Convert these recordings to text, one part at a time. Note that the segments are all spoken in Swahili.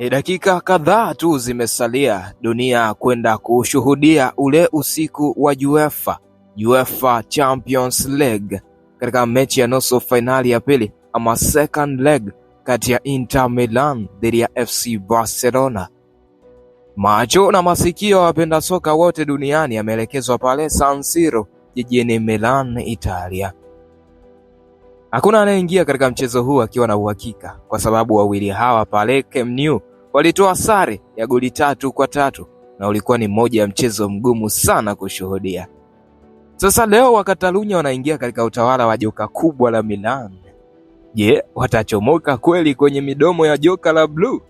Ni dakika kadhaa tu zimesalia dunia kwenda kuushuhudia ule usiku wa UEFA UEFA Champions League katika mechi ya nusu fainali ya pili ama second leg kati ya Inter Milan dhidi ya FC Barcelona. Macho na masikio ya wapenda soka wote duniani yameelekezwa pale San Siro jijini Milan, Italia. Hakuna anayeingia katika mchezo huu akiwa na uhakika, kwa sababu wawili hawa pale Camp Nou walitoa sare ya goli tatu kwa tatu na ulikuwa ni moja ya mchezo mgumu sana kushuhudia. Sasa leo Wakatalunya wanaingia katika utawala wa joka kubwa la Milan. Je, watachomoka kweli kwenye midomo ya joka la bluu?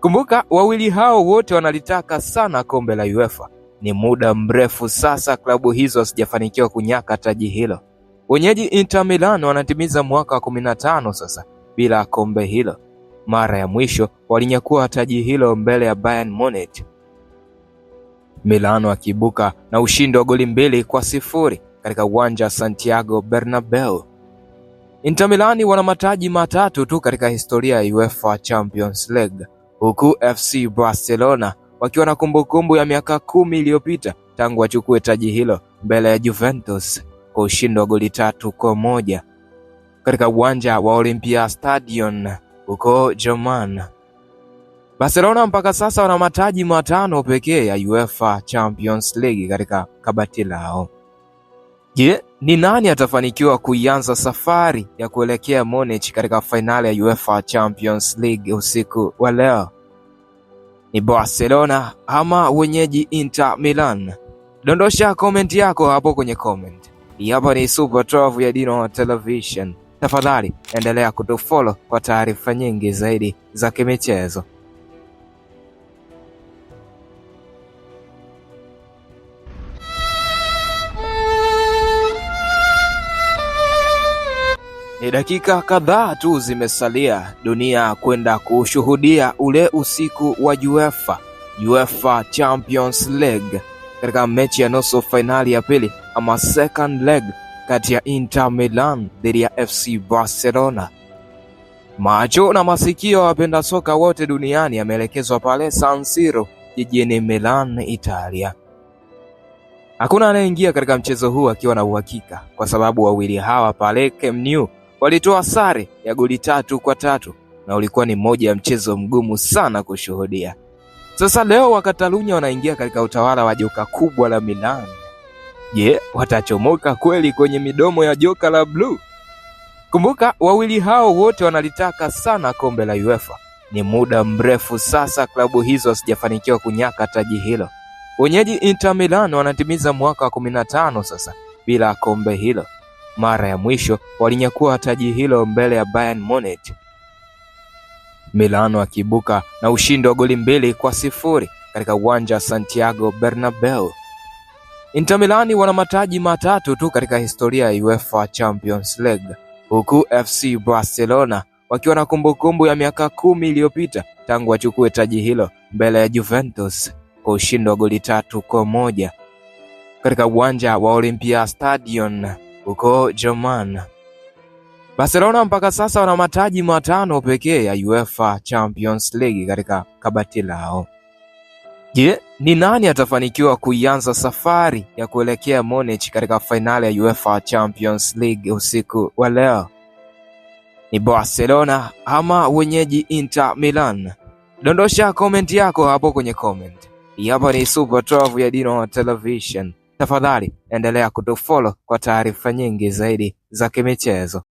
Kumbuka wawili hao wote wanalitaka sana kombe la UEFA. Ni muda mrefu sasa klabu hizo hazijafanikiwa kunyaka taji hilo. Wenyeji Inter Milan wanatimiza mwaka wa 15 sasa bila kombe hilo mara ya mwisho walinyakua taji hilo mbele ya Bayern Munich, Milano akibuka na ushindi wa goli mbili kwa sifuri katika uwanja wa Santiago Bernabeu. Inter Milani wana mataji matatu tu katika historia ya UEFA Champions League, huku FC Barcelona wakiwa na kumbukumbu ya miaka kumi iliyopita tangu wachukue taji hilo mbele ya Juventus kwa ushindi wa goli tatu kwa moja katika uwanja wa Olympia Stadion huko German. Barcelona mpaka sasa wana mataji matano pekee ya UEFA Champions League katika kabati lao. Je, ni nani atafanikiwa kuianza safari ya kuelekea Munich katika fainali ya UEFA Champions League usiku wa leo? Ni Barcelona ama wenyeji Inter Milan? Dondosha komenti yako hapo kwenye comment. Hapa ni Super 12 ya Dino Television. Tafadhali endelea kutufollow kwa taarifa nyingi zaidi za kimichezo. Ni dakika kadhaa tu zimesalia dunia kwenda kushuhudia ule usiku wa UEFA UEFA Champions League katika mechi ya nusu fainali ya pili ama second leg kati ya Inter Milan dhidi ya FC Barcelona. Macho na masikio ya wapenda soka wote duniani yameelekezwa pale San Siro jijini Milan, Italia. Hakuna anayeingia katika mchezo huu akiwa na uhakika, kwa sababu wawili hawa pale Camp Nou walitoa sare ya goli tatu kwa tatu na ulikuwa ni moja ya mchezo mgumu sana kushuhudia. Sasa leo Wakatalunya wanaingia katika utawala wa joka kubwa la Milan Je, yeah, watachomoka kweli kwenye midomo ya joka la bluu? Kumbuka wawili hao wote wanalitaka sana kombe la UEFA. Ni muda mrefu sasa klabu hizo hazijafanikiwa kunyaka taji hilo. Wenyeji Inter Milan wanatimiza mwaka wa 15 sasa bila kombe hilo. Mara ya mwisho walinyakua taji hilo mbele ya Bayern Munich, Milano akiibuka na ushindi wa goli mbili kwa sifuri katika uwanja wa Santiago Bernabeu. Inter Milani wana mataji matatu tu katika historia ya UEFA Champions League, huku FC Barcelona wakiwa na kumbukumbu ya miaka kumi iliyopita tangu wachukue taji hilo mbele ya Juventus kwa ushindi wa goli tatu kwa moja katika uwanja wa Olympia Stadion huko German. Barcelona mpaka sasa wana mataji matano pekee ya UEFA Champions League katika kabati lao. Je, ni nani atafanikiwa kuianza safari ya kuelekea Munich katika fainali ya UEFA Champions League usiku wa leo? Ni Barcelona ama wenyeji Inter Milan? Dondosha komenti yako hapo kwenye comment. Hapa ni Super 12 ya Dino Television. Tafadhali endelea kutufollow kwa taarifa nyingi zaidi za kimichezo.